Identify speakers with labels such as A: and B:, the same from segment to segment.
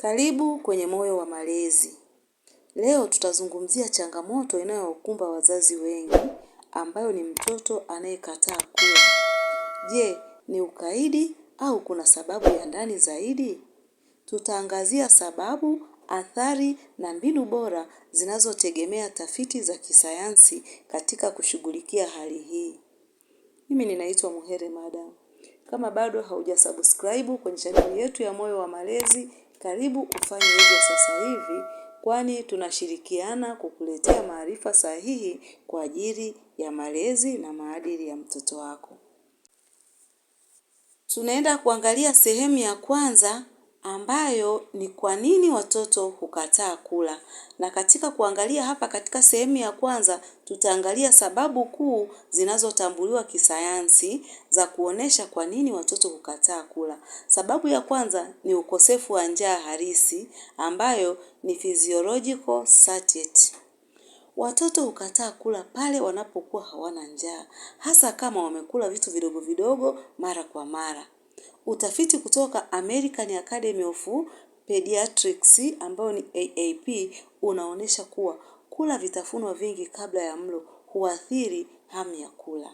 A: Karibu kwenye Moyo wa Malezi. Leo tutazungumzia changamoto inayokumba wazazi wengi ambayo ni mtoto anayekataa kula. Je, ni ukaidi au kuna sababu ya ndani zaidi? Tutaangazia sababu, athari na mbinu bora zinazotegemea tafiti za kisayansi katika kushughulikia hali hii. Mimi ninaitwa Muhere Madam. Kama bado haujasubscribe kwenye chaneli yetu ya Moyo wa Malezi, karibu ufanye hivyo sasa hivi, kwani tunashirikiana kukuletea maarifa sahihi kwa ajili ya malezi na maadili ya mtoto wako. Tunaenda kuangalia sehemu ya kwanza ambayo ni kwa nini watoto hukataa kula. Na katika kuangalia hapa katika sehemu ya kwanza, tutaangalia sababu kuu zinazotambuliwa kisayansi za kuonesha kwa nini watoto hukataa kula. Sababu ya kwanza ni ukosefu wa njaa halisi ambayo ni physiological satiety. Watoto hukataa kula pale wanapokuwa hawana njaa, hasa kama wamekula vitu vidogo vidogo mara kwa mara. Utafiti kutoka American Academy of Pediatrics ambayo ni AAP unaonyesha kuwa kula vitafunwa vingi kabla ya mlo huathiri hamu ya kula.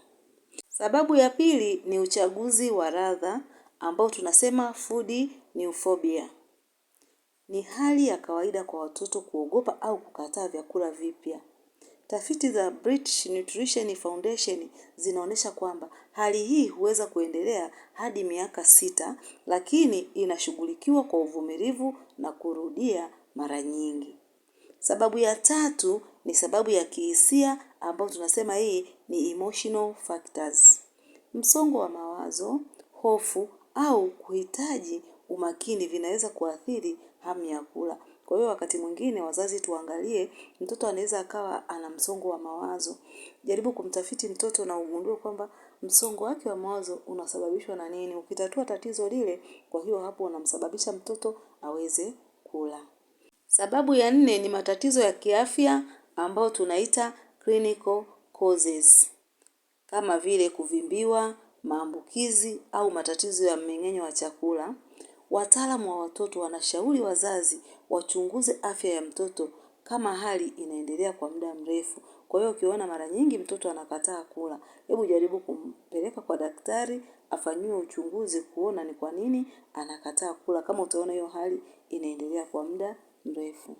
A: Sababu ya pili ni uchaguzi wa ladha ambao tunasema food neophobia. Ni hali ya kawaida kwa watoto kuogopa au kukataa vyakula vipya. Tafiti za British Nutrition Foundation zinaonyesha kwamba hali hii huweza kuendelea hadi miaka sita, lakini inashughulikiwa kwa uvumilivu na kurudia mara nyingi. Sababu ya tatu ni sababu ya kihisia ambayo tunasema hii ni emotional factors. Msongo wa mawazo, hofu au kuhitaji umakini vinaweza kuathiri hamu ya kula. Kwa hiyo wakati mwingine wazazi tuangalie, mtoto anaweza akawa ana msongo wa mawazo. Jaribu kumtafiti mtoto na ugundue kwamba msongo wake wa mawazo unasababishwa na nini. Ukitatua tatizo lile, kwa hiyo hapo unamsababisha mtoto aweze kula. Sababu ya nne ni matatizo ya kiafya ambayo tunaita clinical causes. Kama vile kuvimbiwa, maambukizi au matatizo ya mmeng'enyo wa chakula. Wataalamu wa watoto wanashauri wazazi wachunguze afya ya mtoto kama hali inaendelea kwa muda mrefu. Kwa hiyo ukiona mara nyingi mtoto anakataa kula, hebu jaribu kumpeleka kwa daktari afanyiwe uchunguzi kuona ni kwa nini anakataa kula kama utaona hiyo hali inaendelea kwa muda mrefu.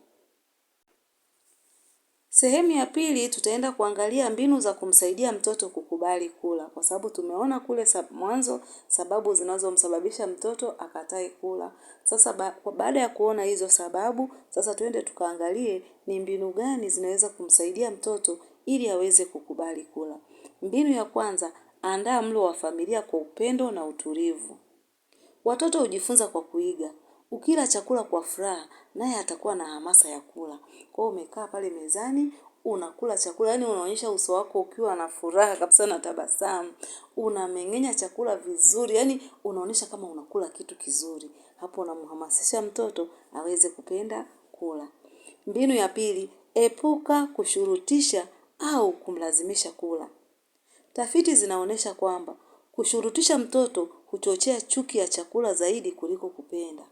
A: Sehemu ya pili tutaenda kuangalia mbinu za kumsaidia mtoto kukubali kula, kwa sababu tumeona kule mwanzo sababu zinazomsababisha mtoto akatae kula. Sasa ba baada ya kuona hizo sababu, sasa tuende tukaangalie ni mbinu gani zinaweza kumsaidia mtoto ili aweze kukubali kula. Mbinu ya kwanza, andaa mlo wa familia kwa upendo na utulivu. Watoto hujifunza kwa kuiga. Ukila chakula kwa furaha, naye atakuwa na hamasa ya kula. Kwa hiyo umekaa pale mezani, unakula chakula, yani unaonyesha uso wako ukiwa na furaha kabisa na tabasamu. Unameng'enya chakula vizuri, yani unaonyesha kama unakula kitu kizuri. Hapo unamhamasisha mtoto aweze kupenda kula. Mbinu ya pili, epuka kushurutisha au kumlazimisha kula. Tafiti zinaonyesha kwamba kushurutisha mtoto huchochea chuki ya chakula zaidi kuliko kupenda.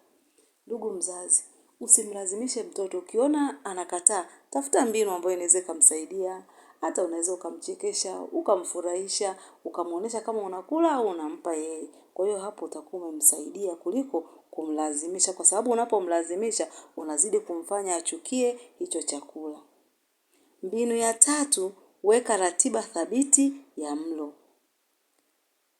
A: Ndugu mzazi, usimlazimishe mtoto. Ukiona anakataa, tafuta mbinu ambayo inaweza ikamsaidia. Hata unaweza ukamchekesha, ukamfurahisha, ukamwonyesha kama unakula au unampa yeye. Kwa hiyo hapo utakuwa umemsaidia kuliko kumlazimisha, kwa sababu unapomlazimisha unazidi kumfanya achukie hicho chakula. Mbinu ya tatu, weka ratiba thabiti ya mlo.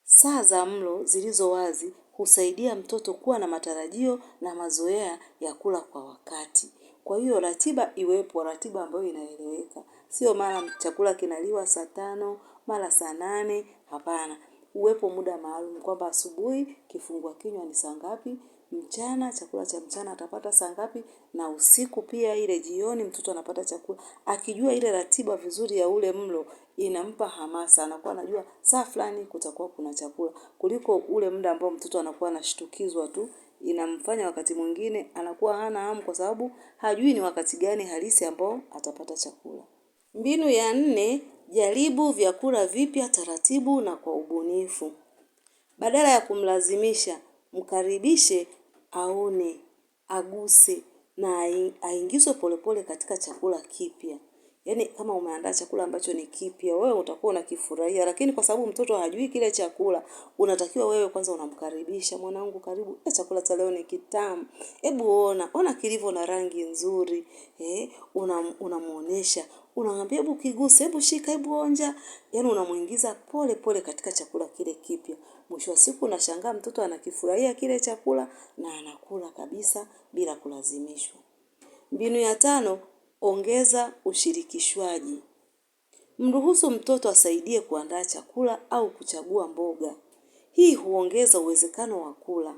A: Saa za mlo zilizo wazi husaidia mtoto kuwa na matarajio na mazoea ya kula kwa wakati. Kwa hiyo ratiba iwepo, ratiba ambayo inaeleweka. Sio mara chakula kinaliwa saa tano, mara saa nane, hapana. Uwepo muda maalum kwamba asubuhi kifungua kinywa ni saa ngapi, mchana, chakula cha mchana atapata saa ngapi, na usiku pia ile jioni mtoto anapata chakula. Akijua ile ratiba vizuri ya ule mlo inampa hamasa, anakuwa anajua saa fulani kutakuwa kuna chakula, kuliko ule muda ambao mtoto anakuwa anashtukizwa tu inamfanya wakati mwingine anakuwa hana hamu kwa sababu hajui ni wakati gani halisi ambao atapata chakula. Mbinu ya nne, jaribu vyakula vipya taratibu na kwa ubunifu. Badala ya kumlazimisha, mkaribishe aone, aguse na aingizwe polepole katika chakula kipya. Yaani kama umeandaa chakula ambacho ni kipya, wewe utakuwa unakifurahia, lakini kwa sababu mtoto hajui kile chakula, unatakiwa wewe kwanza unamkaribisha, mwanangu karibu, e, chakula cha leo ni kitamu. hebu ona, ona kilivyo na rangi nzuri, eh, unamuonesha, unamwambia hebu kiguse, hebu shika, hebu onja. Yaani unamuingiza pole pole katika chakula kile kipya. Mwisho wa siku unashangaa mtoto anakifurahia kile chakula na anakula kabisa bila kulazimishwa. Mbinu ya tano, Ongeza ushirikishwaji. Mruhusu mtoto asaidie kuandaa chakula au kuchagua mboga. Hii huongeza uwezekano wa kula.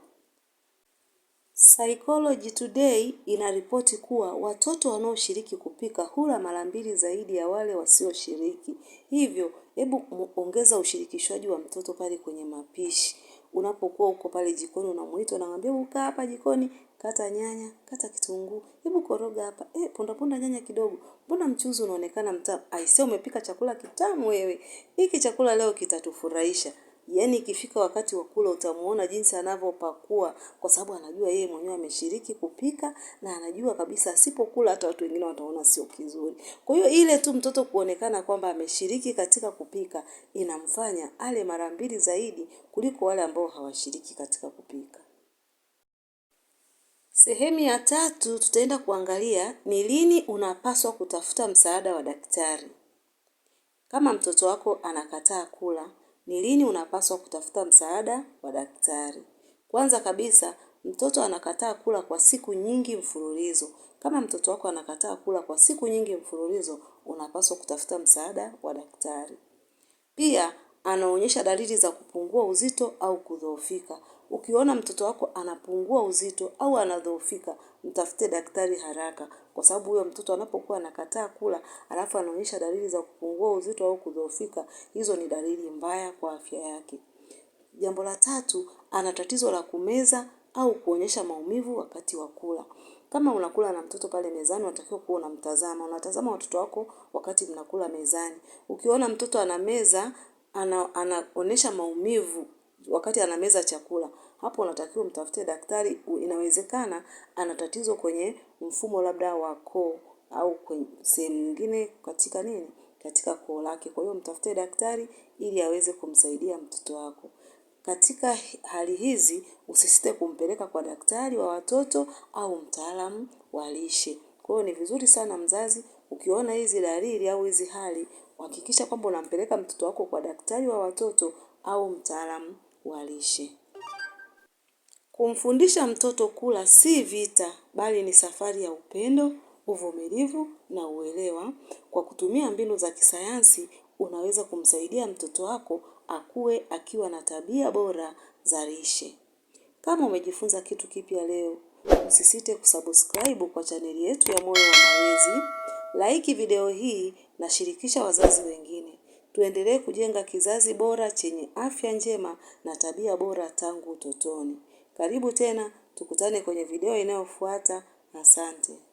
A: Psychology Today inaripoti kuwa watoto wanaoshiriki kupika hula mara mbili zaidi ya wale wasioshiriki. Hivyo, hebu ongeza ushirikishwaji wa mtoto pale kwenye mapishi unapokuwa uko pale jikoni unamwita unamwambia ukaa hapa jikoni kata nyanya kata kitunguu hebu koroga hapa eh ponda ponda nyanya kidogo mbona mchuzi unaonekana mtamu aisee umepika chakula kitamu wewe hiki chakula leo kitatufurahisha Yaani ikifika wakati wa kula utamuona jinsi anavyopakua kwa sababu anajua yeye mwenyewe ameshiriki kupika na anajua kabisa asipokula hata watu wengine wataona sio kizuri. Kwa hiyo ile tu mtoto kuonekana kwamba ameshiriki katika kupika inamfanya ale mara mbili zaidi kuliko wale ambao hawashiriki katika kupika. Sehemu ya tatu tutaenda kuangalia ni lini unapaswa kutafuta msaada wa daktari. Kama mtoto wako anakataa kula, ni lini unapaswa kutafuta msaada wa daktari? Kwanza kabisa, mtoto anakataa kula kwa siku nyingi mfululizo. Kama mtoto wako anakataa kula kwa siku nyingi mfululizo, unapaswa kutafuta msaada wa daktari. Pia, anaonyesha dalili za kupungua uzito au kudhoofika. Ukiona mtoto wako anapungua uzito au anadhoofika, mtafute daktari haraka kwa sababu huyo mtoto anapokuwa anakataa kula alafu anaonyesha dalili za kupungua uzito au kudhoofika, hizo ni dalili mbaya kwa afya yake. Jambo la tatu, ana tatizo la kumeza au kuonyesha maumivu wakati wa kula. Kama unakula na mtoto pale mezani, unatakiwa kuwa unamtazama. Unatazama watoto wako wakati mnakula mezani. Ukiona mtoto anameza, anaonyesha maumivu wakati anameza chakula. Hapo unatakiwa mtafute daktari, inawezekana ana tatizo kwenye mfumo labda wa koo au kwenye sehemu nyingine katika nini, katika koo lake. Kwa hiyo mtafute daktari ili aweze kumsaidia mtoto wako. Katika hali hizi usisite kumpeleka kwa daktari wa watoto au mtaalamu wa lishe. Kwa hiyo ni vizuri sana mzazi, ukiona hizi dalili au hizi hali, hakikisha kwamba unampeleka mtoto wako kwa daktari wa watoto au mtaalamu walishe. Kumfundisha mtoto kula si vita, bali ni safari ya upendo, uvumilivu na uelewa. Kwa kutumia mbinu za kisayansi, unaweza kumsaidia mtoto wako akue akiwa na tabia bora za lishe. Kama umejifunza kitu kipya leo, usisite kusubscribe kwa chaneli yetu ya Moyo wa Malezi, like video hii na shirikisha wazazi wengine. Tuendelee kujenga kizazi bora chenye afya njema na tabia bora tangu utotoni. Karibu tena tukutane kwenye video inayofuata. Asante.